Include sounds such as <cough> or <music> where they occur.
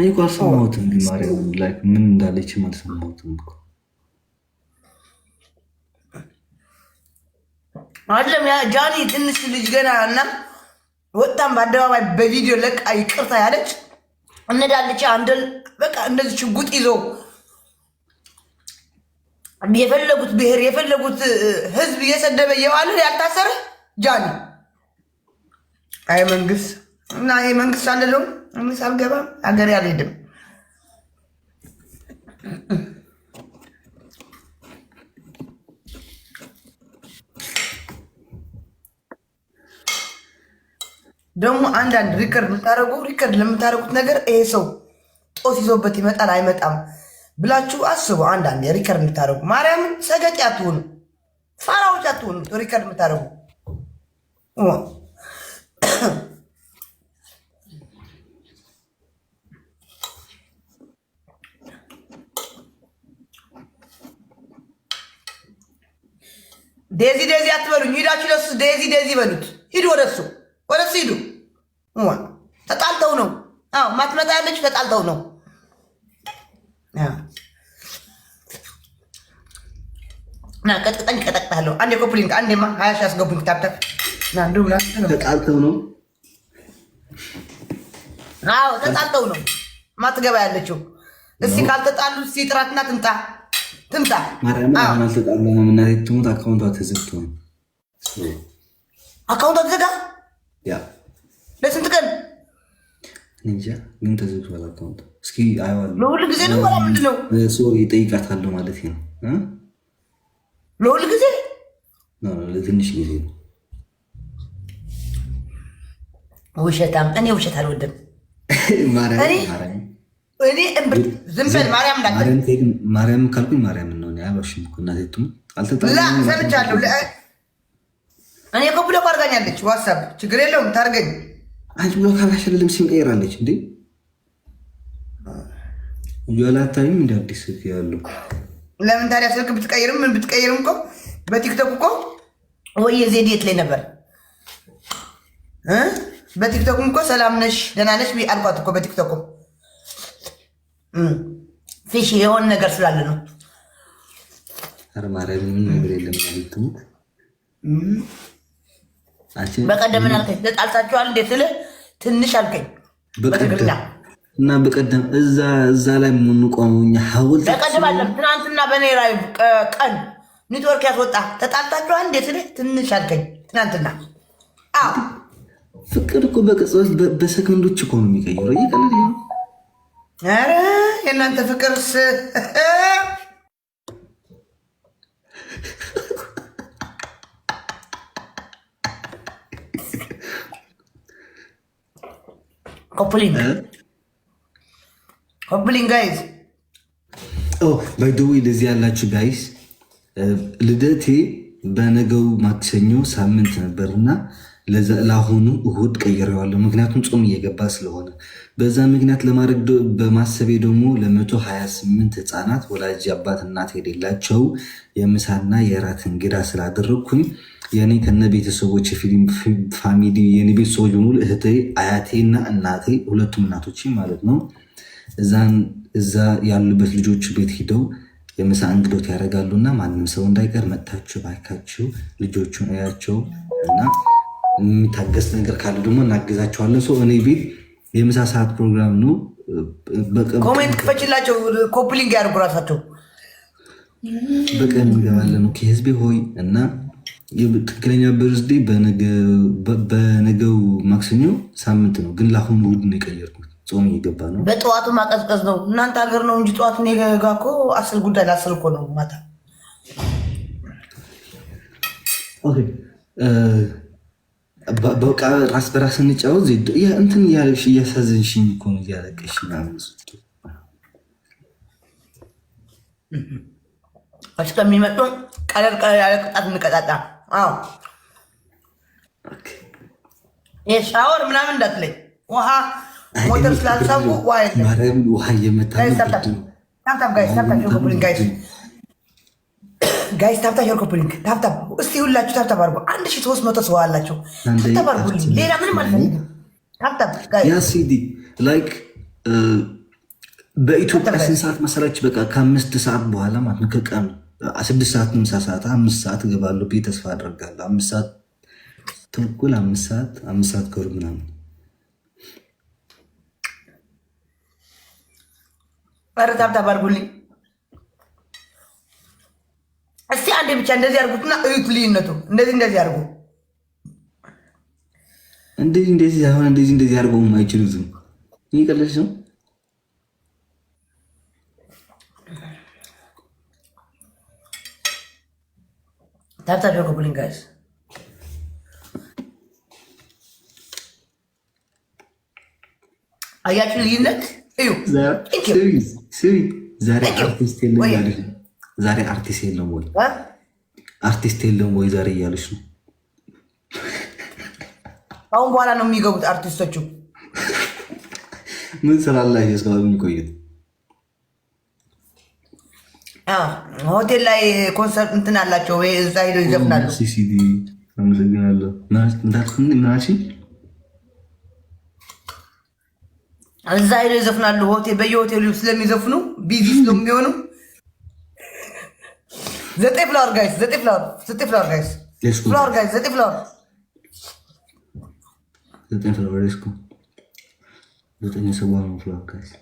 አይ እኮ አልሰማሁትም። ማርያም ላይ ምን እንዳለችም አልሰማሁትም እኮ አይደለም ያ ጃኒ ትንሽ ልጅ ገና እና ወጣም በአደባባይ በቪዲዮ ለቃ ይቅርታ ያለች እነዳለች አንደል በቃ እንደዚህ ሽጉጥ ይዞ የፈለጉት ብሔር የፈለጉት ህዝብ እየሰደበ እየዋለ ያልታሰረ ጃኒ አይ መንግስት እና ይሄ መንግስት አለለውም እኔስ አልገባም፣ አገሬ አልሄድም። ደግሞ አንዳንድ ሪከርድ የምታደርጉ ሪከርድ ለምታደርጉት ነገር ይሄ ሰው ጦስ ይዞበት ይመጣል አይመጣም ብላችሁ አስቡ። አንዳንድ ሪከርድ የምታደርጉ ማርያምን ሰገጭ አትሆኑ፣ ፋራዎች አትሆኑ። ሪከርድ የምታደርጉ ዴዚ ዴዚ አትበሉኝ። ሂዳችሁ ለሱ ዴዚ ዴዚ በሉት። ሂዱ ወደሱ ወደሱ ሂዱ። ተጣልተው ነው። አዎ ማትመጣ ያለችው ተጣልተው ነው። ና ቀጥቅጠኝ፣ ቀጠቅጣለሁ። አንዴ ኮፕሊንግ፣ አንዴማ ሀያ ሺህ አስገቡኝ። ታብታብ ና ተጣልተው ነው። አዎ ተጣልተው ነው። ማትገባ ያለችው እስቲ ካልተጣሉ ሲጥራትና ትምጣ ትምጣ ማርያምን አልተጣላንም። እናቴ ትሙት አካውንቷ ተዘግቷል። አካውንቷ ተዘጋ ለስንት ቀን እንጃ፣ ግን ተዘግቷል አካውንቷ። እስኪ አየዋለሁ። ለሁል ጊዜ ነው ምንድን ነው? ሶሪ እጠይቃታለሁ ማለት ነው። ለሁል ጊዜ ለትንሽ ጊዜ ነው። ውሸታም እኔ ውሸት አልወድም። <laughs> ማርያም ካልኩኝ ማርያም ነው። እኮ እናቴ ትሙ አልተጣላም። ሰምቻለሁ። እኔ እኮ ብሎክ አድርጋኛለች። ዋትሳፕ ችግር የለውም ታርገኝ። አንቺ ብሎክ ሲም ቀይራለች እንዴ እንደ አዲስ ለምን ታዲያ ስልክ ብትቀይርም ምን ብትቀይርም እኮ በቲክቶክ እኮ ወይ ላይ ነበር በቲክቶክም እኮ ሰላም ነሽ ደህና ነሽ አልኳት እኮ በቲክቶክም ፊሽ የሆነ ነገር ስላለ ነው። በቀደም ምን አልከኝ? ተጣልታችኋል እንዴት ስልህ ትንሽ አልከኝ። እና በቀደም እዛ እዛ ላይ የምንቆመው እኛ ሐውልት በቀደም አለም ትናንትና በኔ ላይ ቀን ኔትወርክ ያስወጣ ተጣልታችኋል እንዴት ስልህ ትንሽ አልከኝ። ትናንትና ፍቅር እኮ በቅጽበት በሰከንዶች እኮ ነው የሚቀይረው። ኧረ የእናንተ ፍቅርስ ኮፕሊንግ ኮፕሊንግ ጋይዝ ባይደዌ ለዚህ ያላችሁ ጋይስ ልደቴ በነገው ማክሰኞ ሳምንት ነበርና ለአሁኑ እሁድ ቀይሬዋለሁ። ምክንያቱም ጾም እየገባ ስለሆነ በዛ ምክንያት ለማድረግ በማሰቤ ደግሞ ለ128 ህፃናት ወላጅ አባት እናት የሌላቸው የምሳና የራት እንግዳ ስላደረግኩኝ የኔ ከነ ቤተሰቦች ፋሚሊ የኔ ቤተሰቦች በሙሉ እህቴ፣ አያቴ እና እናቴ ሁለቱም እናቶች ማለት ነው እዛ ያሉበት ልጆች ቤት ሂደው የምሳ እንግዶት እና ማንም ሰው እንዳይቀር መጥታችሁ ባካችሁ ልጆቹን እያቸው እና የሚታገስ ነገር ካለ ደግሞ እናግዛቸዋለን። ሰው እኔ ቤት የምሳ ሰዓት ፕሮግራም ነው። ኮሜንት ክፈችላቸው፣ ኮፕሊንግ ያደርጉ ራሳቸው በቀን እንገባለን። ከህዝቤ ሆይ እና ትክክለኛ በርዝዴ በነገው ማክሰኞ ሳምንት ነው፣ ግን ለአሁኑ እሑድ ነው የቀየርኩት። ጾም እየገባ ነው። በጠዋቱ ማቀዝቀዝ ነው። እናንተ ሀገር ነው እንጂ ጠዋት እኔ ጋ እኮ አስር ጉዳይ ለአስር እኮ ነው ማታ በቃ ራስ በራስ እንጫወት። እንትን እያለሽ እያሳዘንሽኝ እኮ ነው፣ እያለቀሽ እስከሚመጡ ቀለል ቀለል ያለ ቅጣት እንቀጣጣ። የሻወር ምናምን እንዳትለኝ፣ ውሃ ሞተር ስላልሳቡ ውሃ የመታ የለም ጋይስ ታብታብ ያርኮብልኝ ታብታ እስቲ ሁላችሁ ታብታ አድርጎ አንድ ሺ ሶስት መቶ ሰው አላቸው። ታብታ አድርጉልኝ። ሌላ ምንም አልፈልግም። ታብታብ ያ ሲዲ ላይክ በኢትዮጵያ ስንት ሰዓት መሰላች? በቃ ከአምስት ሰዓት በኋላ ማለት ነው ከቀኑ ስድስት ሰዓት ምሳ ሰዓት አምስት ሰዓት እገባለሁ ብዬ ተስፋ አደርጋለሁ። አምስት ሰዓት ተኩል አምስት ሰዓት አምስት ሰዓት ከሩ ምናምን ኧረ ታብታብ አድርጉልኝ አንዴ ብቻ እንደዚህ አድርጉትና እዩት። ልዩነቱ እንደዚህ እንደዚህ አድርጉ። እንደዚህ እንደዚህ አሁን እንደዚህ እንደዚህ አድርጎ አይችሉትም። ይህ ቀለሽ ነው። ታብታብ ብሊን ጋይስ። አያችሁ ልዩነት እዩ። ዛሬ አርቲስት የለም ዛሬ አርቲስት የለም ወይ አርቲስት የለውም ወይ ዛሬ እያለች ነው። አሁን በኋላ ነው የሚገቡት አርቲስቶቹ። ምን ስላላቸው እስካሁን የሚቆዩት ሆቴል ላይ ኮንሰርት እንትን አላቸው ወይ እዛ ሄደው ይዘፍናሉ። አመሰግናለሁ። እዛ ሄደው ይዘፍናሉ። ሆቴል በየሆቴሉ ስለሚዘፍኑ ቢዚ ስለሚሆኑ ዘጠኝ ፍላወር ጋይስ፣ ዘጠኝ ፍላወር፣ ዘጠኝ ፍላወር ጋይስ፣ ፍላወር ጋይስ፣ ዘጠኝ ፍላወር፣ ዘጠኝ ፍላወር፣ ጋይስ